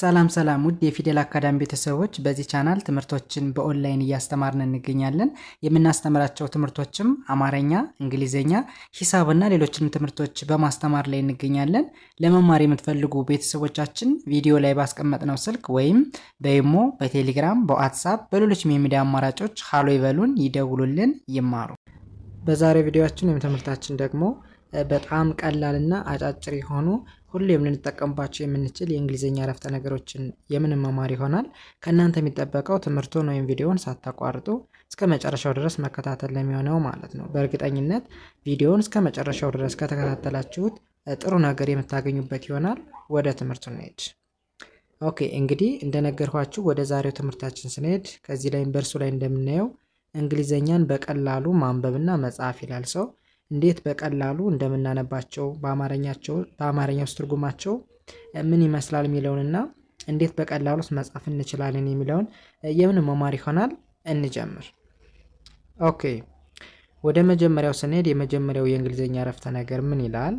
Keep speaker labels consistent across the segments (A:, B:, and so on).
A: ሰላም ሰላም ውድ የፊደል አካዳሚ ቤተሰቦች፣ በዚህ ቻናል ትምህርቶችን በኦንላይን እያስተማርን እንገኛለን። የምናስተምራቸው ትምህርቶችም አማርኛ፣ እንግሊዝኛ፣ ሂሳብና ሌሎችንም ትምህርቶች በማስተማር ላይ እንገኛለን። ለመማር የምትፈልጉ ቤተሰቦቻችን ቪዲዮ ላይ ባስቀመጥነው ስልክ ወይም በይሞ በቴሌግራም በዋትሳፕ በሌሎችም የሚዲያ አማራጮች ሀሎ ይበሉን፣ ይደውሉልን፣ ይማሩ። በዛሬው ቪዲዮችን ወይም ትምህርታችን ደግሞ በጣም ቀላልና አጫጭር የሆኑ ሁሌም ልንጠቀምባቸው የምንችል የእንግሊዝኛ ረፍተ ነገሮችን የምንመማር ይሆናል። ከእናንተ የሚጠበቀው ትምህርቱን ወይም ቪዲዮውን ሳታቋርጡ እስከ መጨረሻው ድረስ መከታተል ለሚሆነው ማለት ነው። በእርግጠኝነት ቪዲዮውን እስከ መጨረሻው ድረስ ከተከታተላችሁት ጥሩ ነገር የምታገኙበት ይሆናል። ወደ ትምህርቱ እንሄድ። ኦኬ እንግዲህ እንደነገርኳችሁ ወደ ዛሬው ትምህርታችን ስንሄድ ከዚህ ላይ በእርሱ ላይ እንደምናየው እንግሊዘኛን በቀላሉ ማንበብና መጻፍ ይላል ሰው እንዴት በቀላሉ እንደምናነባቸው በአማርኛ ውስጥ ትርጉማቸው ምን ይመስላል የሚለውንና እንዴት በቀላሉ ውስጥ መጻፍ እንችላለን የሚለውን የምን መማር ይሆናል። እንጀምር። ኦኬ ወደ መጀመሪያው ስንሄድ የመጀመሪያው የእንግሊዝኛ ረፍተ ነገር ምን ይላል?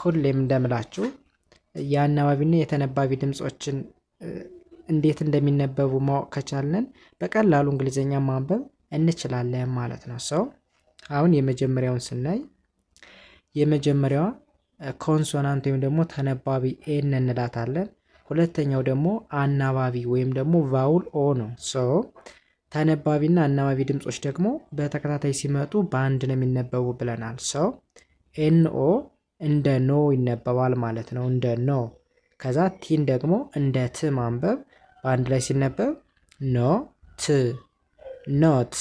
A: ሁሌም እንደምላችሁ የአናባቢና የተነባቢ ድምፆችን እንዴት እንደሚነበቡ ማወቅ ከቻለን በቀላሉ እንግሊዝኛ ማንበብ እንችላለን ማለት ነው ሰው አሁን የመጀመሪያውን ስናይ የመጀመሪያዋ ኮንሶናንት ወይም ደግሞ ተነባቢ ኤን እንላታለን። ሁለተኛው ደግሞ አናባቢ ወይም ደግሞ ቫውል ኦ ነው። ሶ ተነባቢና አናባቢ ድምጾች ደግሞ በተከታታይ ሲመጡ በአንድ ነው የሚነበቡ ብለናል። ሶ ኤን ኦ እንደ ኖ ይነበባል ማለት ነው፣ እንደ ኖ። ከዛ ቲን ደግሞ እንደ ት ማንበብ በአንድ ላይ ሲነበብ ኖ ት ኖት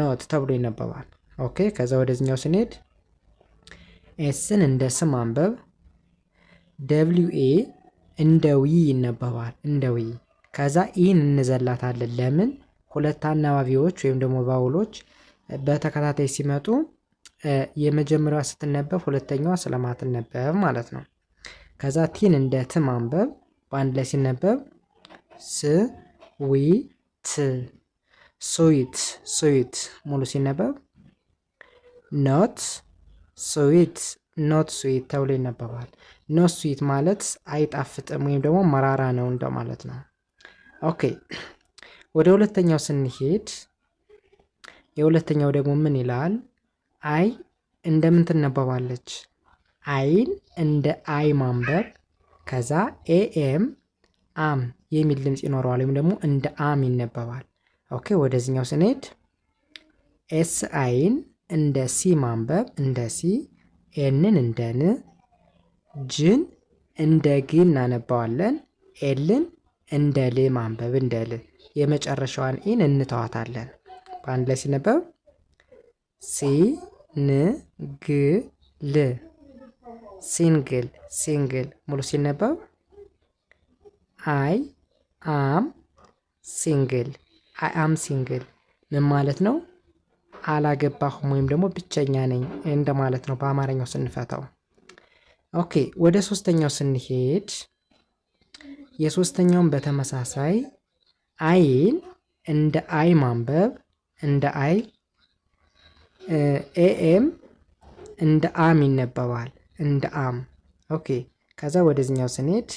A: ኖት ተብሎ ይነበባል። ኦኬ ከዛ ወደዚኛው ስንሄድ ኤስን እንደ ስም አንበብ ደብሊው ኤ እንደ ዊ ይነበባል። እንደ ዊ ከዛ ኢን እንዘላታለን። ለምን ሁለት አናባቢዎች ወይም ደግሞ ባውሎች በተከታታይ ሲመጡ የመጀመሪያዋ ስትነበብ ሁለተኛዋ ስለማትነበብ ማለት ነው። ከዛ ቲን እንደ ት ማንበብ በአንድ ላይ ሲነበብ ስ ዊ ት ስዊት ስዊት ሙሉ ሲነበብ ኖት ስዊት ኖት ስዊት ተብሎ ይነበባል። ኖት ስዊት ማለት አይጣፍጥም ወይም ደግሞ መራራ ነው ማለት ነው። ኦኬ ወደ ሁለተኛው ስንሄድ የሁለተኛው ደግሞ ምን ይላል? አይ እንደምን ትነበባለች? አይን እንደ አይ ማንበብ ከዛ ኤኤም አም የሚል ድምፅ ይኖረዋል፣ ወይም ደግሞ እንደ አም ይነበባል። ኦኬ ወደዚህኛው ስንሄድ ኤስ አይን እንደ ሲ ማንበብ እንደ ሲ፣ ኤንን እንደ ን፣ ጅን እንደ ግ እናነባዋለን። ኤልን እንደ ል ማንበብ እንደ ል። የመጨረሻዋን ኢን እንተዋታለን። በአንድ ላይ ሲነበብ ሲ ን ግ ል ሲንግል ሲንግል። ሙሉ ሲነበብ አይ አም ሲንግል አይ አም ሲንግል ምን ማለት ነው? አላገባሁም ወይም ደግሞ ብቸኛ ነኝ እንደማለት ነው በአማርኛው ስንፈታው። ኦኬ ወደ ሶስተኛው ስንሄድ የሶስተኛውን በተመሳሳይ አይን እንደ አይ ማንበብ እንደ አይ ኤኤም እንደ አም ይነበባል እንደ አም። ኦኬ ከዛ ወደዚኛው ስንሄድ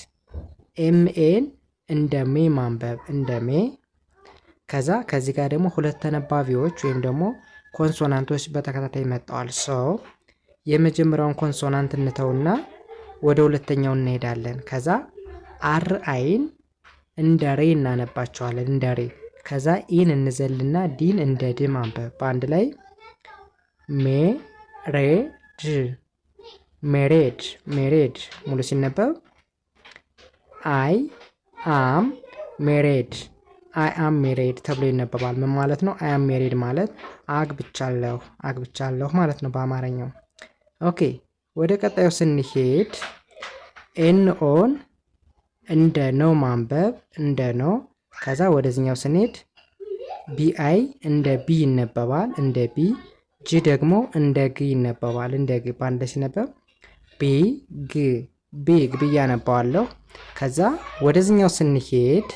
A: ኤምኤን እንደ ሜ ማንበብ እንደ ሜ። ከዛ ከዚህ ጋር ደግሞ ሁለት ተነባቢዎች ወይም ደግሞ ኮንሶናንቶች በተከታታይ መጥተዋል። ሰው የመጀመሪያውን ኮንሶናንት እንተውና ወደ ሁለተኛው እንሄዳለን። ከዛ አር አይን እንደ ሬ እናነባቸዋለን፣ እንደ ሬ። ከዛ ኢን እንዘልና ዲን እንደ ድ ማንበብ። በአንድ ላይ ሜ ሬ ድ ሜሬድ፣ ሜሬድ ሙሉ ሲነበብ አይ አም ሜሬድ አይ አም ሜሬድ ተብሎ ይነበባል። ምን ማለት ነው? አይ አም ሜሬድ ማለት አግብቻለሁ አግብቻለሁ ማለት ነው በአማርኛው። ኦኬ ወደ ቀጣዩ ስንሄድ ኤን ኦን እንደ ነው ማንበብ እንደ ነው። ከዛ ወደዚኛው ስንሄድ ቢ አይ እንደ ቢ ይነበባል እንደ ቢ። ጂ ደግሞ እንደ ግ ይነበባል እንደ ግ በአንድ ሲነበብ ቢ ግ ቢግ ብዬ አነባዋለሁ። ከዛ ወደዚኛው ስንሄድ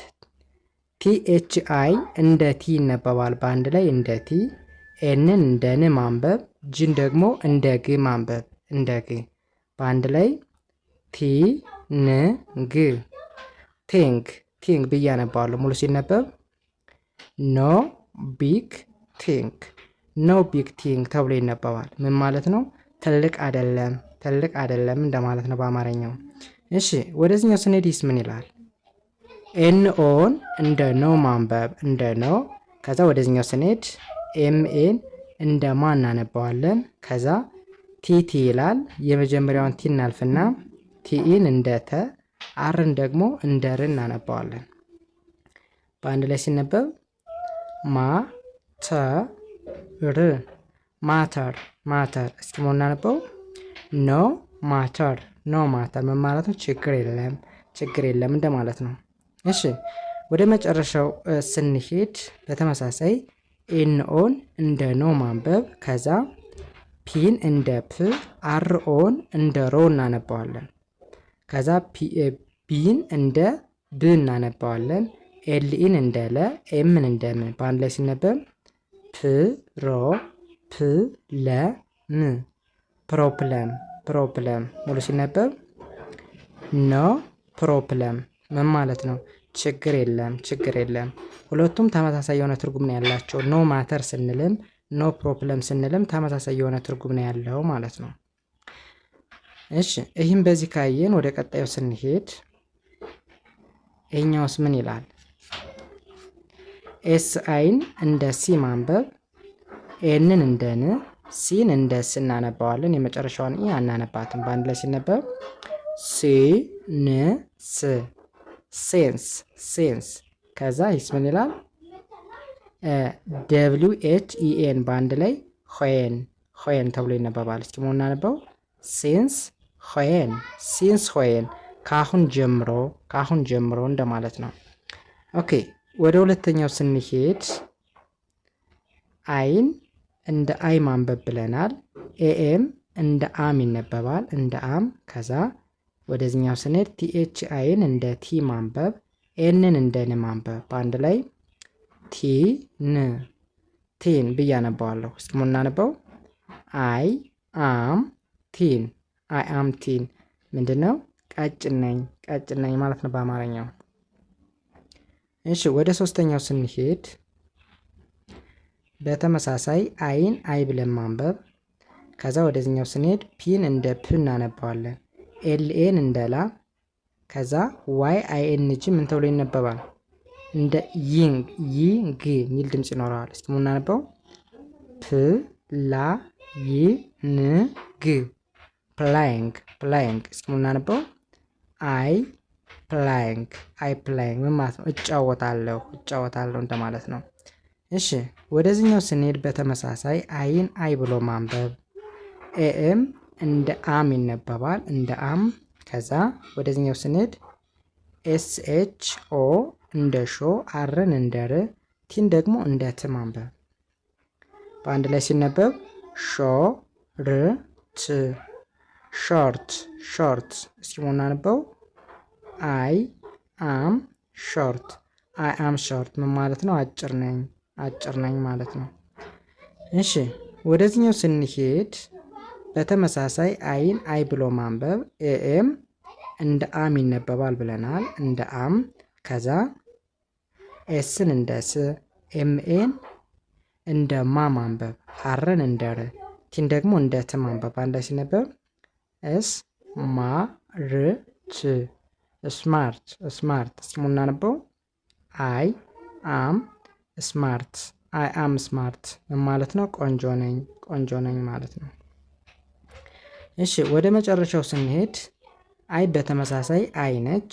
A: ቲኤች አይ እንደ ቲ ይነበባል። በአንድ ላይ እንደ ቲ፣ ኤንን እንደ ን ማንበብ፣ ጅን ደግሞ እንደ ግ ማንበብ፣ እንደ ግ በአንድ ላይ ቲ ን ግ ቲንግ ቲንግ ብዬ አነባዋለሁ። ሙሉ ሲነበብ ኖ ቢግ ቲንግ ኖ ቢግ ቲንግ ተብሎ ይነበባል። ምን ማለት ነው? ትልቅ አይደለም፣ ትልቅ አይደለም እንደማለት ነው በአማርኛው። እሺ ወደዚህኛው ስንሄድስ ምን ይላል? ኤንኦን እንደ ኖ ማንበብ እንደ ኖ። ከዛ ወደዚኛው ስንሄድ ኤምኤን እንደ ማ እናነባዋለን። ከዛ ቲቲ ይላል። የመጀመሪያውን ቲ እናልፍና ቲኢን እንደ ተ፣ አርን ደግሞ እንደ ር እናነባዋለን። በአንድ ላይ ሲነበብ ማ ተ ር ማተር ማተር። እስኪ ሞ እናነበው ኖ ማተር ኖ ማተር። መማራቱ ችግር የለም ችግር የለም እንደማለት ነው። እሺ ወደ መጨረሻው ስንሄድ በተመሳሳይ ኤንኦን እንደ ኖ ማንበብ ከዛ ፒን እንደ ፕ አርኦን እንደ ሮ እናነባዋለን። ከዛ ቢን እንደ ብ እናነባዋለን። ኤልኢን እንደ ለ ኤምን እንደ ም በአንድ ላይ ሲነበብ ፕ ሮ ፕ ለ ም ፕሮፕለም ፕሮፕለም ሙሉ ሲነበብ ኖ ፕሮፕለም ምን ማለት ነው? ችግር የለም ችግር የለም። ሁለቱም ተመሳሳይ የሆነ ትርጉም ነው ያላቸው። ኖ ማተር ስንልም ኖ ፕሮብለም ስንልም ተመሳሳይ የሆነ ትርጉም ነው ያለው ማለት ነው። እሺ ይህም በዚህ ካየን ወደ ቀጣዩ ስንሄድ ይህኛውስ ምን ይላል? ኤስ አይን እንደ ሲ ማንበብ፣ ኤንን እንደ ን፣ ሲን እንደ ስ እናነባዋለን። የመጨረሻውን ኢ አናነባትም። በአንድ ላይ ሲነበብ ሲ ን ስ ሴንስ ሴንስ። ከዛ ይስ ምን ይላል? ደብሊው ኤች ኢኤን በአንድ ላይ ሆየን ሆየን ተብሎ ይነበባል። እስኪ ሞ እናነበው ሴንስ ሆየን ሴንስ ሆየን ከአሁን ጀምሮ ከአሁን ጀምሮ እንደማለት ነው። ኦኬ ወደ ሁለተኛው ስንሄድ አይን እንደ አይ ማንበብ ብለናል። ኤኤም እንደ አም ይነበባል እንደ አም ከዛ ወደዚኛው ስንሄድ ቲኤች አይን እንደ ቲ ማንበብ ኤንን እንደ ን ማንበብ በአንድ ላይ ቲ ን ቲን ብዬ አነባዋለሁ። እስኪ እናነበው። አይ አም ቲን አይ አም ቲን ምንድን ነው? ቀጭን ነኝ፣ ቀጭን ነኝ ማለት ነው በአማርኛው። እሺ ወደ ሶስተኛው ስንሄድ በተመሳሳይ አይን አይ ብለን ማንበብ ከዛ ወደዚኛው ስንሄድ ፒን እንደ ፕ እናነባዋለን። ኤልኤን እንደ ላ ከዛ ዋይ አይኤንጂ ምን ተብሎ ይነበባል? እንደ ይንግ ይንግ የሚል ድምፅ ይኖረዋል። እስኪ ምናነበው ፕ ላ ይ ን ግ ፕላይንግ ፕላይንግ። እስኪ ምናነበው አይ ፕላይንግ አይ ፕላይንግ ምን ማለት ነው? እጫወታለሁ እጫወታለሁ እንደማለት ነው። እሺ ወደዚህኛው ስንሄድ በተመሳሳይ አይን አይ ብሎ ማንበብ ኤኤም እንደ አም ይነበባል። እንደ አም ከዛ ወደዚኛው ስንሄድ ኤስ ኤች ኦ እንደ ሾ፣ አርን እንደ ር፣ ቲን ደግሞ እንደ ት ማንበብ። በአንድ ላይ ሲነበብ ሾ ር ት ሾርት ሾርት። እስኪ ሞናንበው አይ አም ሾርት አይ አም ሾርት ምን ማለት ነው? አጭር ነኝ አጭር ነኝ ማለት ነው። እሺ ወደዚህኛው ስንሄድ በተመሳሳይ አይን አይ ብሎ ማንበብ ኤኤም እንደ አም ይነበባል ብለናል። እንደ አም ከዛ ኤስን እንደ ስ ኤምኤን እንደ ማ ማንበብ አርን እንደ ር ቲን ደግሞ እንደ ት ማንበብ አንድ ላይ ሲነበብ ኤስ ማ ር ች ስማርት ስማርት ስሙ እናነበው አይ አም ስማርት አይ አም ስማርት ማለት ነው። ቆንጆ ነኝ ቆንጆ ነኝ ማለት ነው። እሺ ወደ መጨረሻው ስንሄድ አይ በተመሳሳይ አይ ነች።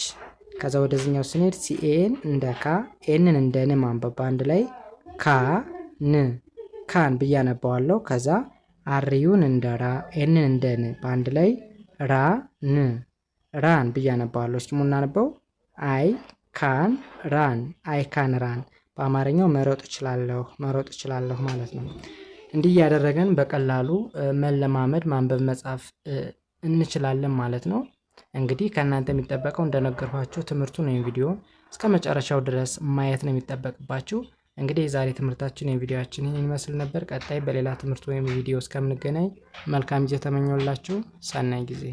A: ከዛ ወደዚህኛው ስንሄድ ሲኤን እንደ ካ ኤንን እንደ ን ማንበብ አንድ ላይ ካ ን ካን ብያነባዋለሁ። ከዛ አርዩን እንደ ራ ኤንን እንደ ን በአንድ ላይ ራ ን ራን ብዬ እስኪ ሙናነበው አይ ካን ራን አይ ካን ራን። በአማርኛው መሮጥ እችላለሁ መሮጥ እችላለሁ ማለት ነው። እንዲህ እያደረገን በቀላሉ መለማመድ ማንበብ መጻፍ እንችላለን ማለት ነው። እንግዲህ ከእናንተ የሚጠበቀው እንደነገርኳችሁ ትምህርቱን ወይም ቪዲዮ እስከ መጨረሻው ድረስ ማየት ነው የሚጠበቅባችሁ። እንግዲህ የዛሬ ትምህርታችን የቪዲዮችን ይህን ይመስል ነበር። ቀጣይ በሌላ ትምህርት ወይም ቪዲዮ እስከምንገናኝ መልካም ጊዜ ተመኘውላችሁ። ሰናይ ጊዜ